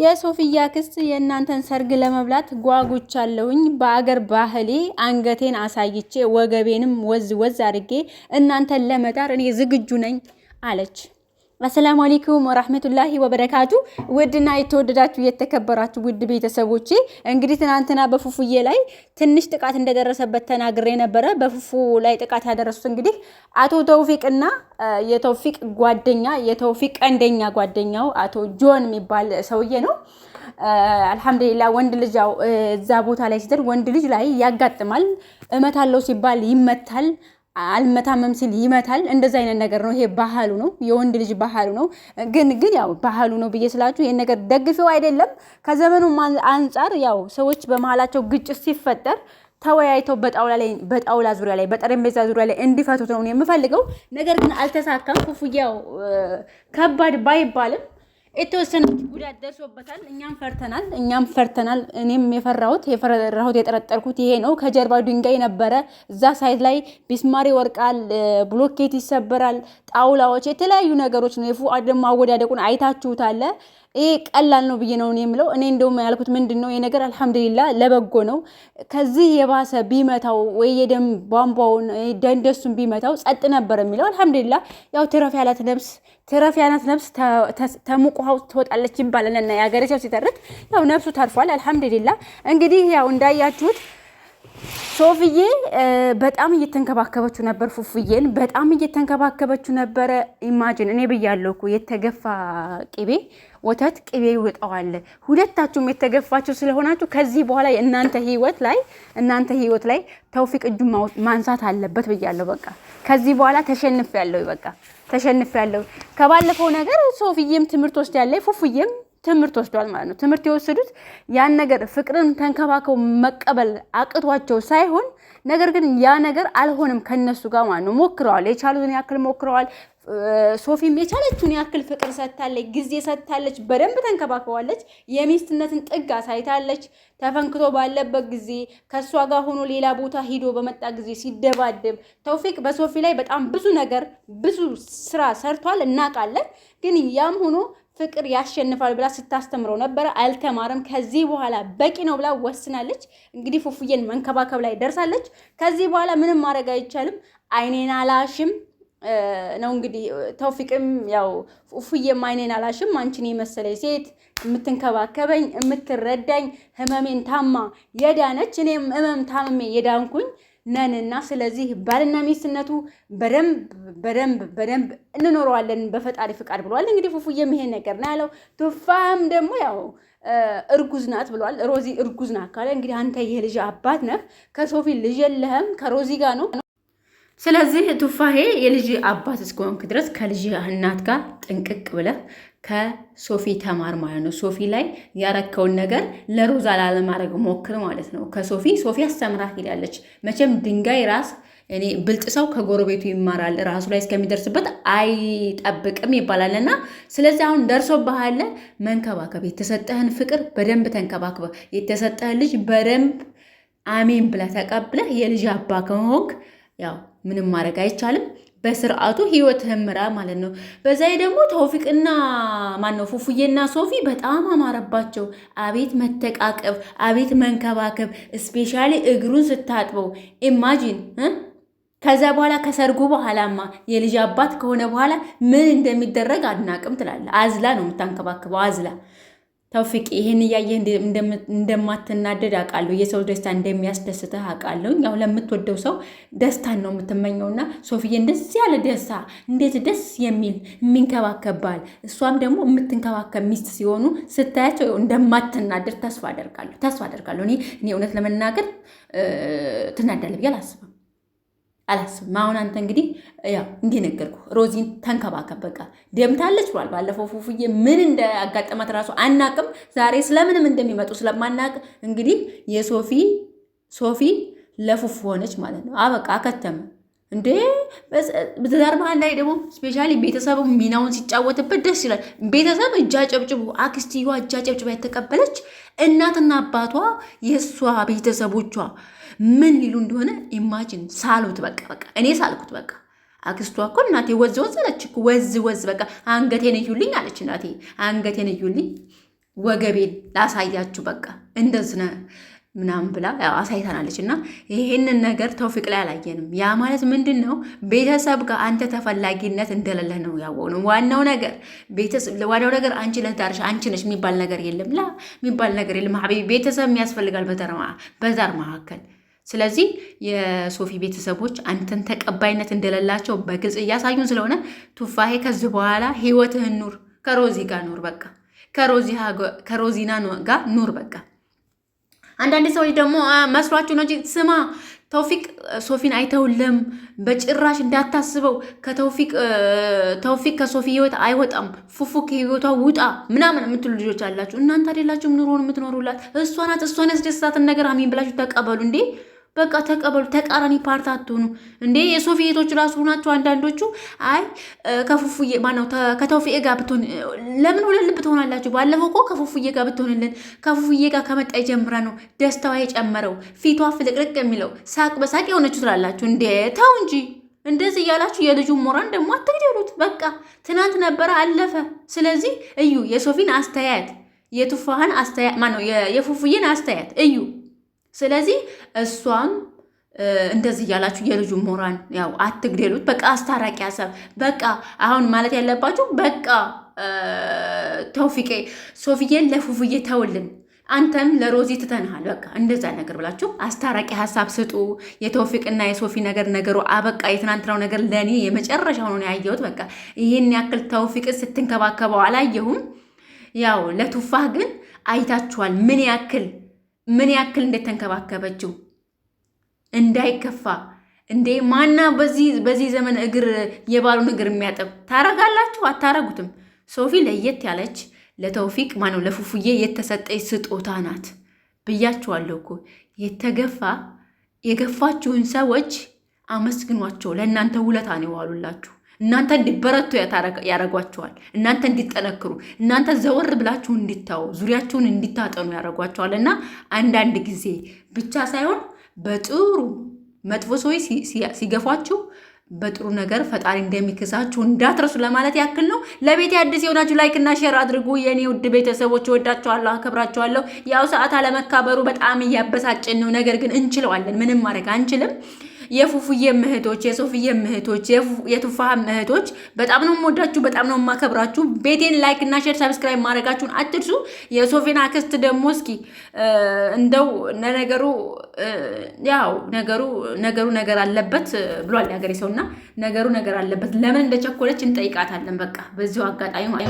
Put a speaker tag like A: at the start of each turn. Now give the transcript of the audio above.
A: የሶፊያ ክስት የእናንተን ሰርግ ለመብላት ጓጉቻለሁኝ። በአገር ባህሌ አንገቴን አሳይቼ ወገቤንም ወዝ ወዝ አድርጌ እናንተን ለመዳር እኔ ዝግጁ ነኝ አለች። አሰላሙ አለይኩም ወራህመቱላሂ ወበረካቱ። ውድና የተወደዳችሁ የተከበራችሁ ውድ ቤተሰቦቼ እንግዲህ ትናንትና በፉፉዬ ላይ ትንሽ ጥቃት እንደደረሰበት ተናግሬ ነበረ። በፉፉ ላይ ጥቃት ያደረሱት እንግዲህ አቶ ተውፊቅና የተውፊቅ ጓደኛ የተውፊቅ ቀንደኛ ጓደኛው አቶ ጆን የሚባል ሰውዬ ነው። አልሐምዱሊላ ወንድ ልጅ እዛ ቦታ ላይ ሲደርስ ወንድ ልጅ ላይ ያጋጥማል። እመታለው ሲባል ይመታል። አልመታመም ሲል ይመታል። እንደዚ አይነት ነገር ነው። ይሄ ባህሉ ነው፣ የወንድ ልጅ ባህሉ ነው። ግን ግን ያው ባህሉ ነው ብዬ ስላችሁ ይህን ነገር ደግፌው አይደለም። ከዘመኑ አንጻር ያው ሰዎች በመሀላቸው ግጭት ሲፈጠር ተወያይተው በጣውላ ላይ በጣውላ ዙሪያ ላይ በጠረጴዛ ዙሪያ ላይ እንዲፈቱት ነው የምፈልገው። ነገር ግን አልተሳካም። ክፉያው ከባድ ባይባልም የተወሰነ ጉዳት ደርሶበታል። እኛም ፈርተናል፣ እኛም ፈርተናል። እኔም የፈራሁት የፈራሁት የጠረጠርኩት ይሄ ነው። ከጀርባው ድንጋይ ነበረ። እዛ ሳይት ላይ ቢስማር ይወርቃል፣ ብሎኬት ይሰበራል፣ ጣውላዎች፣ የተለያዩ ነገሮች ነው። የፉአድ ደግሞ አወዳደቁን አይታችሁታለ። ይሄ ቀላል ነው ብዬ ነው የምለው። እኔ እንደውም ያልኩት ምንድን ነው ይሄ ነገር አልሐምዱሊላ ለበጎ ነው። ከዚህ የባሰ ቢመታው ወይ የደም ቧንቧውን ደንደሱን ቢመታው ጸጥ ነበር የሚለው አልሐምዱሊላ። ያው ትረፍ ያላት ነብስ ትረፍ ያላት ነብስ ተሙቅ ውሃው ትወጣለች ይባላልና የሀገሬ ሰው ሲተርት ያው ነብሱ ተርፏል። አልሐምዱሊላ እንግዲህ ያው እንዳያችሁት ሶፍዬ በጣም እየተንከባከበችው ነበር። ፉፉዬን በጣም እየተንከባከበችው ነበረ። ኢማጅን እኔ ብያለሁ እኮ የተገፋ ቅቤ ወተት ቅቤ ይወጣዋል። ሁለታችሁም የተገፋችሁ ስለሆናችሁ ከዚህ በኋላ እናንተ ህይወት ላይ እናንተ ህይወት ላይ ተውፊቅ እጁ ማንሳት አለበት ብያለሁ። በቃ ከዚህ በኋላ ተሸንፍ ያለው በቃ ተሸንፍ ያለው ከባለፈው ነገር ሶፍዬም ትምህርት ወስድ ያለ ፉፉዬም ትምህርት ወስዷል ማለት ነው። ትምህርት የወሰዱት ያን ነገር ፍቅርን ተንከባከቡ መቀበል አቅቷቸው ሳይሆን ነገር ግን ያ ነገር አልሆንም ከነሱ ጋር ማለት ነው። ሞክረዋል፣ የቻሉትን ያክል ሞክረዋል። ሶፊም የቻለችውን ያክል ፍቅር ሰጥታለች፣ ጊዜ ሰጥታለች፣ በደንብ ተንከባከዋለች የሚስትነትን ጥግ አሳይታለች። ተፈንክቶ ባለበት ጊዜ ከእሷ ጋር ሆኖ ሌላ ቦታ ሂዶ በመጣ ጊዜ ሲደባደብ ተውፊቅ በሶፊ ላይ በጣም ብዙ ነገር ብዙ ስራ ሰርቷል፣ እናውቃለን። ግን ያም ሆኖ ፍቅር ያሸንፋል ብላ ስታስተምረው ነበረ። አልተማረም። ከዚህ በኋላ በቂ ነው ብላ ወስናለች። እንግዲህ ፉፉዬን መንከባከብ ላይ ደርሳለች። ከዚህ በኋላ ምንም ማድረግ አይቻልም። አይኔን አላሽም ነው እንግዲህ ተውፊቅም ያው ፉፉዬም አይኔን አላሽም፣ አንቺን የመሰለ ሴት የምትንከባከበኝ የምትረዳኝ፣ ህመሜን ታማ የዳነች እኔም ህመም ታምሜ የዳንኩኝ ነንና ስለዚህ ባልና ሚስትነቱ በደንብ በደንብ በደንብ እንኖረዋለን በፈጣሪ ፍቃድ ብለዋል። እንግዲህ ፉፉዬም ይሄ ነገር ነው ያለው። ቱፋም ደግሞ ያው እርጉዝ ናት ብሏል። ሮዚ እርጉዝ ናት ካለ እንግዲህ አንተ ይሄ ልጅ አባት ነህ፣ ከሶፊ ልጅ የለህም ከሮዚ ጋር ነው ስለዚህ ቱፋሄ የልጅ አባት እስከሆንክ ድረስ ከልጅ እናት ጋር ጥንቅቅ ብለህ ከሶፊ ተማር ማለት ነው። ሶፊ ላይ ያረከውን ነገር ለሮዛ ላለማድረግ ሞክር ማለት ነው። ከሶፊ ሶፊ አስተምራት ሄዳለች። መቼም ድንጋይ ራስ እኔ ብልጥ ሰው ከጎረቤቱ ይማራል ራሱ ላይ እስከሚደርስበት አይጠብቅም ይባላልና፣ ስለዚህ አሁን ደርሶብሃል። መንከባከብ የተሰጠህን ፍቅር በደንብ ተንከባክበ የተሰጠህን ልጅ በደንብ አሜን ብለህ ተቀብለህ የልጅ አባ ከሆንክ ያው ምንም ማድረግ አይቻልም። በስርዓቱ ህይወትህን ምራ ማለት ነው። በዛ ደግሞ ተውፊቅና ማነው ፉፉዬና ሶፊ በጣም አማረባቸው። አቤት መተቃቀፍ፣ አቤት መንከባከብ፣ ስፔሻሊ እግሩን ስታጥበው ኢማጂን ከዛ በኋላ ከሰርጉ በኋላማ የልጅ አባት ከሆነ በኋላ ምን እንደሚደረግ አድናቅም ትላለ። አዝላ ነው የምታንከባክበው አዝላ ተውፊቅ ይህን እያየህ እንደማትናደድ አውቃለሁ። የሰው ደስታ እንደሚያስደስትህ አውቃለሁ። ያው ለምትወደው ሰው ደስታን ነው የምትመኘውና ሶፊዬ እንደዚህ ያለ ደስታ እንዴት ደስ የሚል የሚንከባከብ እሷም ደግሞ የምትንከባከብ ሚስት ሲሆኑ ስታያቸው እንደማትናደድ ተስፋ አደርጋለሁ ተስፋ አደርጋለሁ። እኔ እውነት ለመናገር ትናደለ ብዬ አላስብም። አላስብም። አሁን አንተ እንግዲህ ያው እንዲነገርኩ ሮዚን ተንከባከብ በቃ ደምታለች ብሏል። ባለፈው ፉፉዬ ምን እንዳጋጠማት ራሱ አናቅም። ዛሬ ስለምንም እንደሚመጡ ስለማናቅ እንግዲህ የሶፊ ሶፊ ለፉፉ ሆነች ማለት ነው። አበቃ ከተመ እንዴ ትዳር መሀል ላይ ደግሞ ስፔሻሊ ቤተሰቡ ሚናውን ሲጫወትበት ደስ ይላል። ቤተሰብ እጃ ጨብጭቡ፣ አክስትየዋ እጃ ጨብጭባ የተቀበለች እናትና አባቷ የእሷ ቤተሰቦቿ ምን ሊሉ እንደሆነ ኢማጂን ሳሉት። በቃ በቃ እኔ ሳልኩት። በቃ አክስቷ እኮ እናቴ ወዝ ወዝ አለች፣ ወዝ ወዝ በቃ አንገቴን እዩልኝ አለች እናቴ፣ አንገቴን እዩልኝ፣ ወገቤን ላሳያችሁ፣ በቃ እንደዝነ ምናምን ብላ አሳይታናለች። እና ይህንን ነገር ተውፊቅ ላይ አላየንም። ያ ማለት ምንድን ነው? ቤተሰብ ጋር አንተ ተፈላጊነት እንደሌለ ነው ያወቅነው። ዋናው ነገር ዋናው ነገር አንቺ ለትዳርሽ አንቺ ነች የሚባል ነገር የለም። ላ የሚባል ነገር የለም። ሀቢቢ ቤተሰብ የሚያስፈልጋል በዛር መካከል ስለዚህ የሶፊ ቤተሰቦች አንተን ተቀባይነት እንደሌላቸው በግልጽ እያሳዩን ስለሆነ ቱፋሄ ከዚህ በኋላ ህይወትህን ኑር፣ ከሮዚ ጋር ኑር፣ በቃ ከሮዚና ጋር ኑር በቃ አንዳንድ ሰዎች ደግሞ መስሏችሁ ነው እንጂ ስማ ተውፊቅ ሶፊን አይተውልም፣ በጭራሽ እንዳታስበው። ከተውፊቅ ከሶፊ ህይወት አይወጣም፣ ፉፉ ከህይወቷ ውጣ ምናምን የምትሉ ልጆች አላችሁ። እናንተ አይደላችሁም ኑሮን የምትኖሩላት። እሷ ናት፣ እሷን ያስደስታትን ነገር አሚን ብላችሁ ተቀበሉ እንዴ። በቃ ተቀበሉ። ተቃራኒ ፓርት አትሆኑ እንዴ? የሶቪየቶች ራሱ ናቸው አንዳንዶቹ። አይ ከፉፉዬ ማነው ከተውፊኤ ጋር ብትሆን ለምን ሁለት ልብ ትሆናላችሁ? ባለፈው እኮ ከፉፉዬ ጋር ብትሆንልን ከፉፉዬ ጋር ከመጣ የጀምረ ነው ደስታዋ የጨመረው ፊቷ ፍልቅልቅ የሚለው ሳቅ በሳቅ የሆነችው ትላላችሁ እንዴ? ተው እንጂ እንደዚህ እያላችሁ የልጁን ሞራን ደግሞ አትግደሉት። በቃ ትናንት ነበረ አለፈ። ስለዚህ እዩ የሶፊን አስተያየት የቱፋህን አስተያየት ማነው የፉፉዬን አስተያየት እዩ። ስለዚህ እሷም እንደዚህ እያላችሁ የልጁ ሞራን ያው አትግደሉት። በቃ አስታራቂ ሀሳብ በቃ አሁን ማለት ያለባችሁ በቃ ተውፊቄ ሶፊዬን ለፉፉዬ ተውልን፣ አንተም ለሮዚ ትተንሃል፣ በቃ እንደዛ ነገር ብላችሁ አስታራቂ ሀሳብ ስጡ። የተውፊቅና የሶፊ ነገር ነገሩ አበቃ። የትናንትናው ነገር ለእኔ የመጨረሻ ሆኖ ያየሁት በቃ ይህን ያክል ተውፊቅን ስትንከባከበው አላየሁም። ያው ለቱፋህ ግን አይታችኋል ምን ያክል ምን ያክል እንደተንከባከበችው እንዳይከፋ እንዴ ማና በዚህ ዘመን እግር የባሉን እግር የሚያጠብ ታረጋላችሁ? አታረጉትም። ሶፊ ለየት ያለች ለተውፊቅ ማነው ለፉፉዬ የተሰጠች ስጦታ ናት ብያችኋለሁ እኮ የተገፋ የገፋችሁን ሰዎች አመስግኗቸው። ለእናንተ ውለታ ነው የዋሉላችሁ። እናንተ እንዲበረቱ ያደረጓቸዋል። እናንተ እንዲጠነክሩ፣ እናንተ ዘወር ብላችሁ እንዲታዩ፣ ዙሪያችሁን እንዲታጠኑ ያደረጓቸዋል። እና አንዳንድ ጊዜ ብቻ ሳይሆን በጥሩ መጥፎ ሰዎች ሲገፏችሁ በጥሩ ነገር ፈጣሪ እንደሚክሳችሁ እንዳትረሱ ለማለት ያክል ነው። ለቤት አዲስ የሆናችሁ ላይክ እና ሼር አድርጉ። የእኔ ውድ ቤተሰቦች ወዳችኋለሁ፣ አከብራችኋለሁ። ያው ሰዓት አለመካበሩ በጣም እያበሳጭን ነው፣ ነገር ግን እንችለዋለን። ምንም ማድረግ አንችልም። የፉፉዬ ምህቶች የሶፍዬ ምህቶች የቱፋ ምህቶች በጣም ነው የምወዳችሁ፣ በጣም ነው የማከብራችሁ። ቤቴን ላይክ እና ሼር ሰብስክራይብ ማድረጋችሁን አትርሱ። የሶፌና ክስት ደግሞ እስኪ እንደው ነገሩ ያው ነገሩ ነገሩ ነገር አለበት ብሏል ያገሬ እና ነገሩ ነገር አለበት። ለምን እንደቸኮለች እንጠይቃታለን። በቃ በዚሁ አጋጣሚ